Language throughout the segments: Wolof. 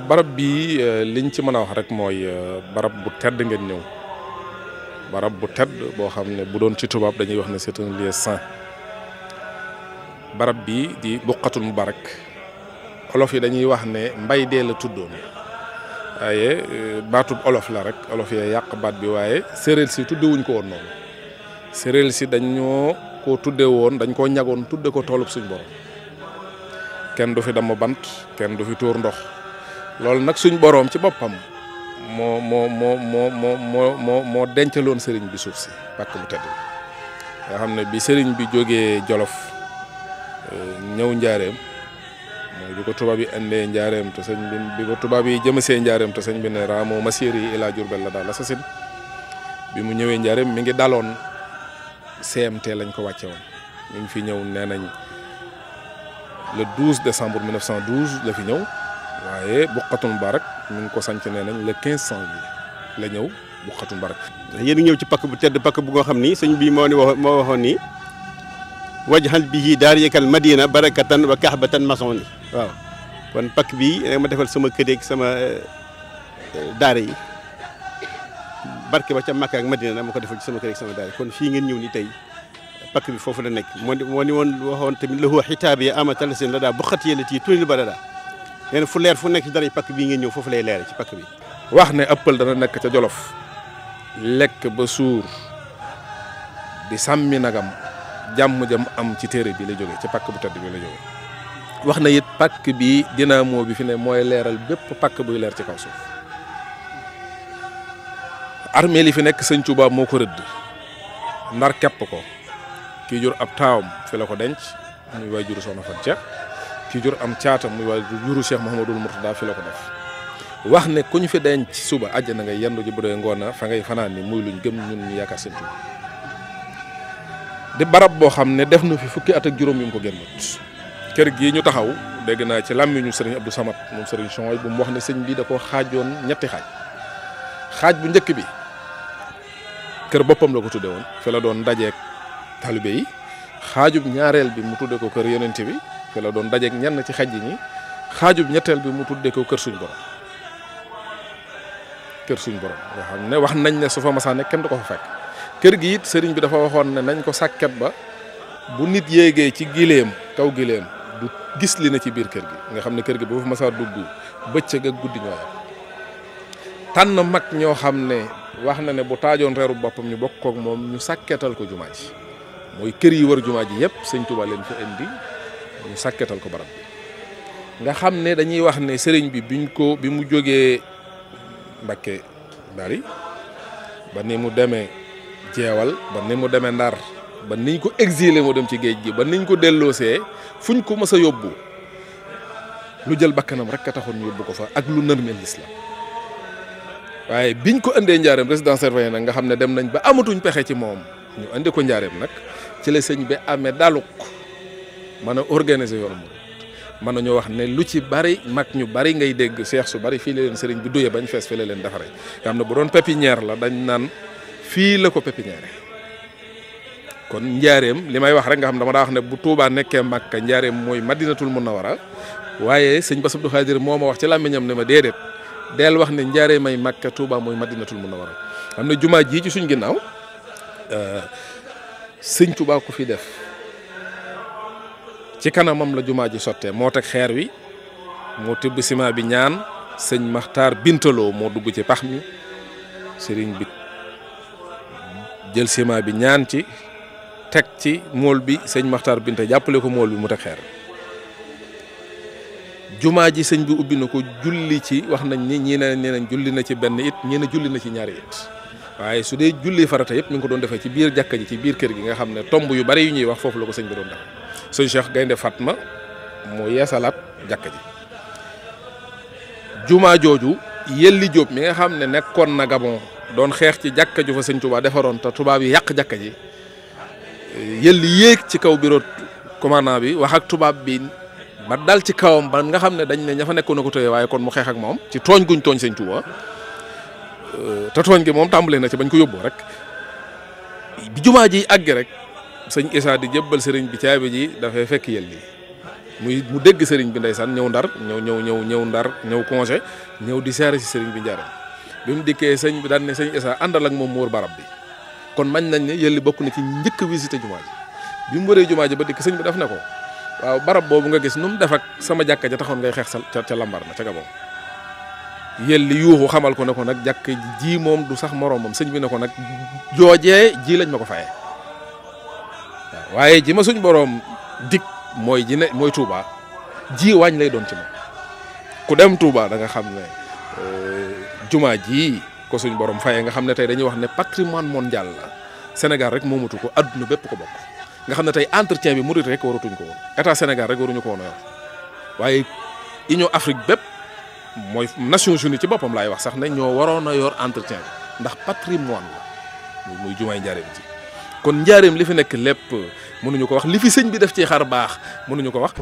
barab bii euh, liñ ci mën a wax rek mooy euh, barab bu tedd ngeen ñëw barab bu tedd boo xam ne bu doon ci tubaab dañuy wax ne c'est un lieu saint barab bii di buqatul mubarak olof yi dañuy wax ne mbay dee la tuddoon waaye euh, baatub olof la rek olof yee yàq baat bi waaye séeréer si tudduwuñ ko woon noonu séeréer si dañoo ko tuddee woon dañ koo ñagoon tudde ko toolub suñ borom kenn du fi damm bant kenn du fi tuur ndox loolu nag suñ boroom ci boppam moo moo moo moo moo moo moo moo dencaloon sëriñ bi suuf si pàkk bu tedd nga xam ne bi sëriñ bi jógee Jolof euh, ñëw njaareem mooy bi ko tubaab yi indee njaareem te sëñ bi bi ko tubaab yi jëmasee njaareem te sëñ bi ne raamoo masiir yi ilaa la daal asasin bi mu ñëwee njaareem mi ngi daloon CMT lañ ko wàcce woon mi ngi fi ñëw nee nañ le 12 décembre 1912 la fi ñëw waye bu Boukhatoul barak ñu ko sanc né nañ le 1500 janvier la ñëw bu Moubarak. barak yéen ñëw ci pak bu tedd pak bu nga xamni sëñ bi mo ni mo waxon ni wajhal bihi daariyakal madina barakatan wa kahbatan maçon ni waaw kon pak bi da ma defal sama kër ak sama dar yi barke ba ca Makka ak Madina ma ko defal ci sama kër ak sama dar kon fi ngeen ñëw ni tay pak bi fofu la nek mo ni won waxon tamit lahu hitabi amatal sin la da bu yella tii tunil barada nee fu leer fu nekk ci dara pakk bii ngeen ñëw foofu lay leere ci pakk bi. wax ne ab pël dana nekk ca jolof lekk ba suur di sàmmi nagam jàmm jam am ci téere bi la jógee ci pakk bu tedd bi la jógee wax na it pakk bi dinaamo bi fi ne mooy leeral bépp pakk buy leer ci kaw suuf armée li fi nekk sëñ Tuubaa moo ko rëdd ndar kepp ko kii jur ab taawam fi la ko denc muy waajuru soxna ca ki jur am caatam muy waaye juru Cheikh Mouhamadul Mourtada fi la ko def wax ne ku ñu fi denc ci suba àjjana ngay yendu ji bu dee ngoona fa ngay fanaan ni muy luñ gëm ñun ñu yaakaar seen di barab boo xam ne def nu fi fukki at ak juróom yu mu ko génnut kër gii ñu taxaw dégg naa ci làmmiñu sëriñ Abdou Samad moom sëriñ Chooy bu mu wax ne sëñ bi da ko xaajoon ñetti xaaj xaaj bu njëkk bi kër boppam la ko tudde woon fi la doon dajeek talibé yi xaajub ñaareel bi mu tudde ko kër yonente bi Mbàkke la doon dajeek ñenn ci xaj ñi xaajub ñetteel bi mu tuddee ko kër suñu borom kër suñu borom nga xam wax nañ ne sofa massa nek nekk kenn du cik fa kau kër gi it sëriñ bi dafa waxon ne nañ ko sakket ba bu nit yéegee ci gilem kaw gilem du gis li na ci biir kër gi nga xamne ne kër gi bu fa massa dugg becc ga guddi ñoy tan mak ño xamne wax na ne bu reeru bopam ñu bokk ak mom ñu sakketal ko jumaaji moy yi war jumaaji yépp sëñ Tuubaa leen fa indi ñu sàkketal ko barab nga xam ne dañuy wax ne sëriñ bi biñ ko bi mu jógee Mbàkke Bari ba ni mu demee jeewal ba ni mu demee Ndar ba niñ ko exilé moo dem ci géej gi ba niñ ko delloosee fuñ ko mës a yóbbu lu jël bakkanam rek a taxoon ñu yóbbu ko fa ak lu nërmeel lislaam waaye biñ ko indee njaareem résident surveillée nag nga xam ne dem nañ ba amatuñ pexe ci moom ñu indi ko njaareem nag ci la sëñ bi amee daluk mën a organiser yoonu murid mën nañoo wax ne lu ci bari mag ñu bari ngay dégg seex su bari fii la leen sëriñ bi duye bañ fees fi la leen defaree nga xam ne bu doon pépinière la dañ naan fii la ko pépinière kon njaareem li may wax rek nga xam ne dama daa wax ne bu Touba nekkee Makka njaareem mooy madinatul munawara waaye sëñ Bass Abdou Khadir moo ma wax ci làmmiñam ne ma déedéet del wax ne njaareem may Makka Touba mooy madinatul munawara xam ne jumaa jii ci suñ ginnaaw euh, sëñ tubaa ko fi def. ci kanamam la jumaa ji sottee moo teg xeer wi moo tibb ciment bi ñaan sëñ maxtaar bintaloo moo dugg ci pax mi sëriñ bi jël ciment bi ñaan ci teg ci mool bi sëñ maxtaar binte jàppale ko mool bi mu teg xeer jumaa ji sëñ bi ubbi na ko julli ci wax nañ ni ñii ne nee julli na ci benn it ñii ne julli na ci ñaari it su julli farata ko doon ci biir ji ci biir kër gi nga yu bari yu ñuy wax bi doon sëñ Cheikh Gaynde Fatma mu yeesalaat jàkka ji jumaa jooju Yelli Jóob mi nga xam ne nekkoon na Gabon doon xeex ci jàkka ju fa sëñ defaroon te tubaab yi yàq jàkka ji Yelli yéeg ci kaw bureau commandant bi wax ak tubaab bi ba daal ci kawam ba nga xam ne dañ ne ña nekkoon na ko tëye waaye kon mu xeex moom ci tooñ guñ tooñ sëñ Touba te tooñ gi moom tàmbulee na ci bañ ko yóbboo rek bi jumaa ji àgg rek. sëñ Issa di jëbbal sëriñ bi caabi ji dafay fekk yel li muy mu dégg sëriñ bi ndeysaan ñëw ndar ñëw ñëw ñëw ñëw ndar ñëw congé ñëw di siyaare si sëriñ bi njaaram bi mu dikkee sëñ bi daan sëñ Issa àndal ak moom mu wër barab bi kon mañ nañ ne yelli bokk na ci njëkk visité jumaa ji bi mu wëree jumaa ji ba dikk sëñ bi def na ko waaw barab boobu nga gis nu mu def ak sama jàkka ja taxoon ngay xeex sa ca lambar na ca gabon yelli yuuxu xamal ko ne ko nag jàkk ji moom du sax moroomam sëñ bi ne ko nag joojee ji lañ ma ko fayee waaye ji ma suñ boroom dig mooy ji ne mooy Touba ji waañ lay doon ci moom ku dem Touba da nga xam ne euh, jumaa ji ko suñ borom fayee nga xam ne tey dañuy wax ne patrimoine mondial la Sénégal rek moomatu ko adduna bépp ko bokk nga xam ne tey entretien bi murit rek waratuñ ko woon état Sénégal rek waruñu ko woon a waaye waaye Union Afrique bépp mooy Nations Unies ci boppam laay wax sax ne ñoo waroon a yor entretien bi ndax patrimoine la muy jumaay njaareem ji kon njaareem li fi nekk lépp mënuñu ko wax li fi sëñ bi def ci xar baax mënuñu ko wax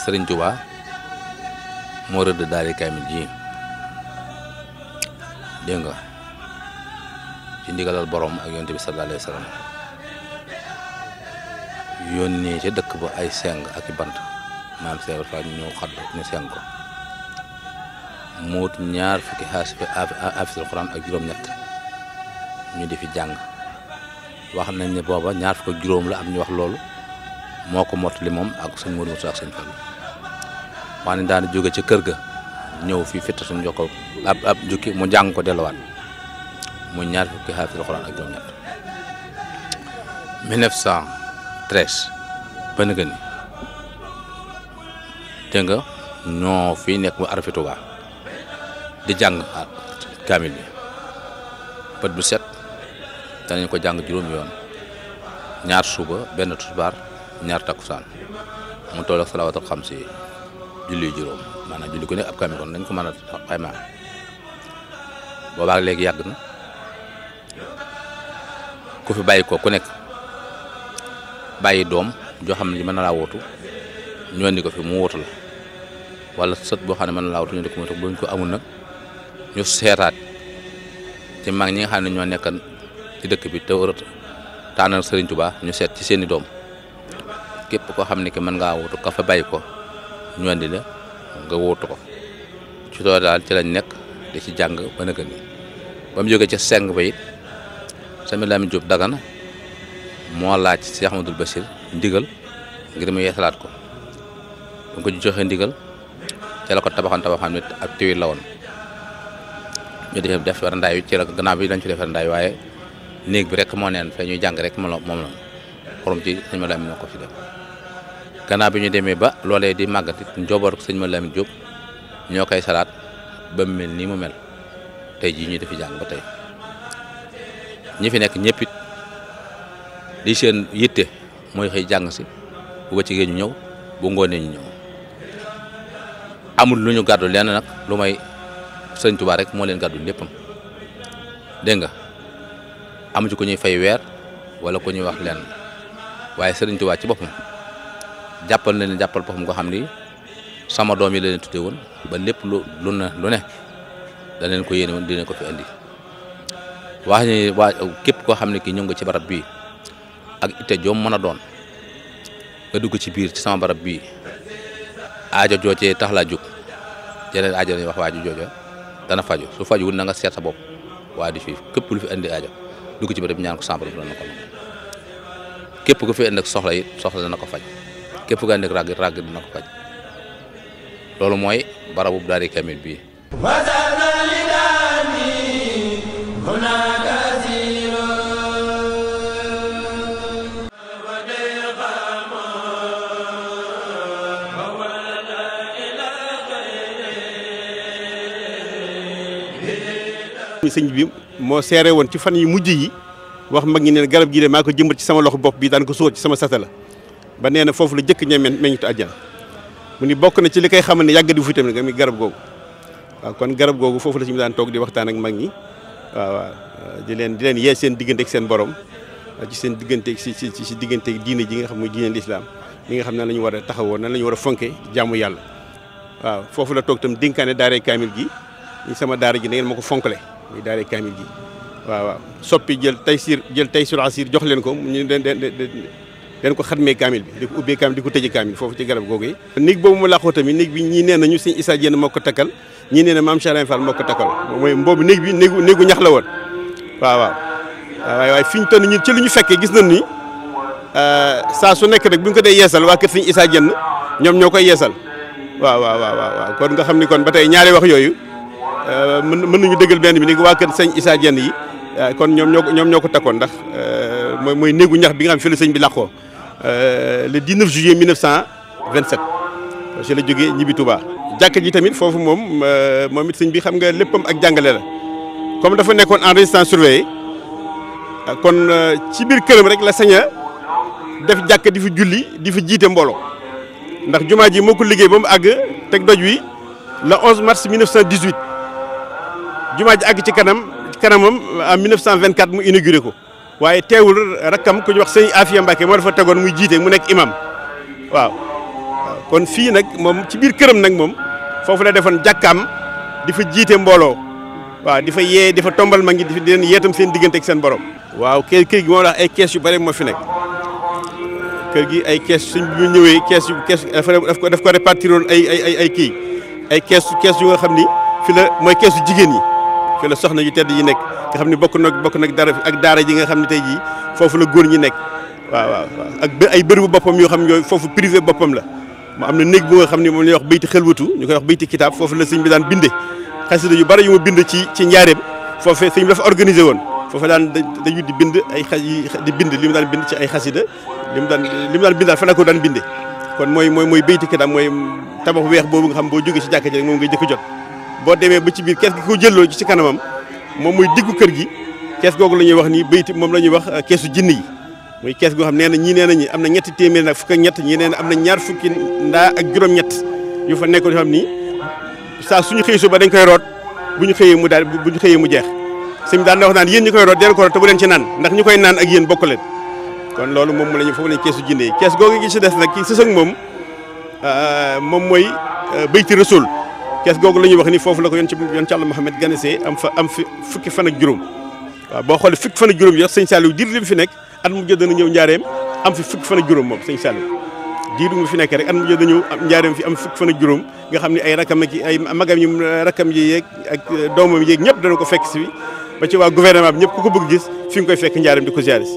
Sëriñ Tuubaa moo rëdd daari kaamil ji dégg nga ci ndigalal borom ak yonte bi sallallahu alayhi wasallam yónnee ci dekk ba ay seng ak bant maam seebar fa ñu xad ñu seng ko mot ñaar fukki xaasifi quran ak juroom ñett ñu di fi wax nañ ne boba ñaar fukki juroom la am ñu wax lool moko mot li mom ak sun mo do sax sun wani daana joge ci kër ga ñew fi fitatu ab ab jukki mu jang ko muy ñaar fukki xaafis alxuraan ak juróom-ñett 1913 ba nga ni dégg ñoo fii nekk mu arafi Tuuba di jàng kaamil bi bët bu set danañ ko jàng juróom yoon ñaar suba benn tusbaar ñaar takku takkusaan mu toll ak salawaatul xamsi yi julli juróom maanaam julli ko nekk ab kaamil kon dañ ko mën a xaymaa boobaag léegi yàgg na. ku fi bàyyi ko ku nekk bàyyi doom joo xam ne ji mën na laa wootu ñu andi ko fi mu wootu la wala sët boo xam ne mën na laa wootu ñu di ko moytu buñ ko amul nag ñu seetaat ci ñi xam ne ñoo nekkan ci dëkk bi te tànnal Serigne Touba ñu seet ci seeni doom képp koo xam ne mën ngaa wootu ka fa bàyyi ko ñu andi la nga wootu ko ci loolu daal ci lañ nekk di ci jàng ba nëgën ba mu jógee ca seng ba it Sëñ Lamine Diop Dagana moo laaj Cheikh Ahmadou Bachir ndigal ngir mu yeesalaat ko bu ko joxee ndigal ca ko tabaxan tabaxaan it ab tiwit la woon ñu def def war ci la gannaaw bi dañ ci defar ndaay waaye néeg bi rek moo neen fe jàng rek moom moom la xorom ci sëñ Malamine moo ko fi def bi ñu demee ba loolee di màggat it njóoboor ko sëñ Malamine ñoo koy salaat ba mu mel nii mu mel tey jii ñu defi jàng ba tey. ñi fi nekk ñëpp it li seen yitte mooy xëy jàng si bu bëccëgee ñu ñëw bu ngoonee ñu ñëw amul lu ñu gàddu lenn nag lu may sëñ Tuubaa rek moo leen gàddu léppam dégg nga amu ko ñuy fay weer wala ko ñuy wax lenn waaye sëriñ Tuubaa ci boppam jàppal na leen jàppal boppam nga xam ni sama doom yi la leen tuddee woon ba lépp lu lu ne lu ne da leen ko yéene woon dina ko fi andi. wax ni wah képp koo xam ne kii ñëw nga ci barab bi ak ité joom mëna doon nga dugg ci biir ci sama barab bi aajo jojé tax la juk jeneen aajo ni wax waaju ji dana faju su fajuwul na nga sét sa bop wa di fi kep lu fi andi aajo dugg ci barab ñaan ko sama borom dana ko kep ko fi andi soxla yi soxla dana ko faj kep ku andi ak rag dana ko faj lolu moy barabu dari kamil bi sëñ bi moo seere woon ci fan yu mujj yi wax mag ñi neen garab gii de maa ko jëmbat ci sama loxo bopp bi daan ko sóot ci sama sata la ba nee na foofu la jëkk ñe meññitu àjjana mu ni bokk na ci li kay xamal ne yàgg fu tamit nga mi garab googu kon garab googu foofu la si mu daan toog di waxtaan ak mag ñi waaw di leen di leen yee seen diggante seen borom ci seen diggante si si si diggante diine ji nga xam muy diine lislaam li nga xam nan la war a taxawoon nan la ñu war a fonke jàmmu yàlla waaw foofu la toog itam dénkaane daaree kaamil gi sama daara ji na ngeen ma ko fonkale muy daare kaamil gi waaw waaw soppi jël taysir jël taysul asir jox leen ko ñu den den den ko xatmee kaamil bi di ko ubbee kaamil di ko tëjee kaamil foofu ci garab googu yi néeg boobu mu làqoo tamit néeg bi ñii nee na ñu si Issa Diène moo ko takkal ñii nee na maam Charain Fall moo ko takkal mooy mboobu néeg bi néegu néegu ñax la woon waaw waaw waaw waaye fi ñu ci li ñu fekkee gis nañ ni euh, saa su nekk rek bu ko dee yeesal waa kër sëñ Issa Diène ñoom ñoo koy yeesal waaw waaw kon nga xam ni kon ba tey ñaare wax yooyu Euh, mën mën nañu dëggal benn bi ni waa kër sëñ Issa Diène yi euh, kon ñoom ñoo ko ñoom ñoo ko takkoon ndax euh, mooy mooy néegu ñax bi nga xam fi la sëñ bi làqoo le 19 juillet 1927 je la jógee ñibi Touba. jàkka ji tamit foofu moom moom it sëñ bi xam nga léppam ak jàngale la comme dafa nekkoon en résistance surveillée kon ci biir këram rek la sañ a def jàkka di fi julli di fi jiite mbooloo ndax jumaa ji moo ko liggéey ba mu àgg teg doj wi le 11 mars 1918. juma ji ag ci kanam kanamam 1924 mu inauguré ko waye teewul rakam ku ñu wax seigne afia mbake mo dafa tegoon muy jité mu nek imam waaw kon fi nak moom ci bir kërëm nak mom fofu la defon jakam di fa jiite mbooloo waaw di fa yee di fa tombal ma ngi di den yétam seen digënté ak seen borom waaw kër kër gi mo wax ay caisse yu bari mo fi nek kër gi ay caisse suñu bu ñëwé caisse caisse daf ko daf ko répartiroon ay ay ay ki ay caisse caisse yu nga xamni fi la moy caisse jigen yi fi la soxna yu tedd nekk nga ne bokk na bokk nag nga xam ne tey jii foofu la góor ñi nekk waaw waaw ak ay bërëbu boppam yoo xam yooyu foofu privé boppam la mu na néeg bu nga xam ne moom la ñuy wax bayti xelwatu ñu koy wax bayti kitaab foofu la sëñ bi daan binde xasida yu bari yu ma bind ci ci njaareem foofu sëñ bi dafa dañu di bind ay xa di bind li mu daan bind ay xasida li mu daan li mu daan ko daan binde kon mooy mooy mooy bayti kitaab mooy tabax weex boobu nga xam boo jógee si jàkka ji rek moom ngay jëkk jot boo demee ba ci biir kees gi ko jëlloo ci kanamam moom muy diggu kër gi kees googu la ñuy wax nii bayit moom la ñuy wax euh, keesu jinn yi muy kees goo xam nee na ñii nee nañu am na ñetti téeméer fukk ak ñett ñii am na ñaar fukki ndaa ak juróom-ñett yu fa nekkoon yoo ni saa suñu xëy suba dañ koy root bu ñu xëyee mu daal bu ñu xëyee mu jeex sëñ daan na wax yéen ñi koy root deen ko root te bu leen ci naan ndax ñu naan ak yéen bokk leen kon loolu moom mu la ñu foofu lañ keesu kees googu gi ci des nag ki sës ak moom euh, moom mooy euh, bayti rasul kees googu la ñuy wax ni foofu la ko yoon ci yoon ci am fa fi fukki fan ak juróom waaw boo xoolee fukki fan ak juróom yi sëñ Saliou diir li mu fi nekk at mu jot dana ñëw fi fukki fan ak juróom moom sëñ Saliou diir fi nekk rek at mu jot njaareem fi am fukki fan ak juróom nga xam ne ay rakam ak ay magam yi rakam yi ak doomam yeeg ñëpp dana ko fekk si bi ba ci waa gouvernement bi ñëpp ku ko bëgg gis fi nga koy fekk njaareem di ko ziaris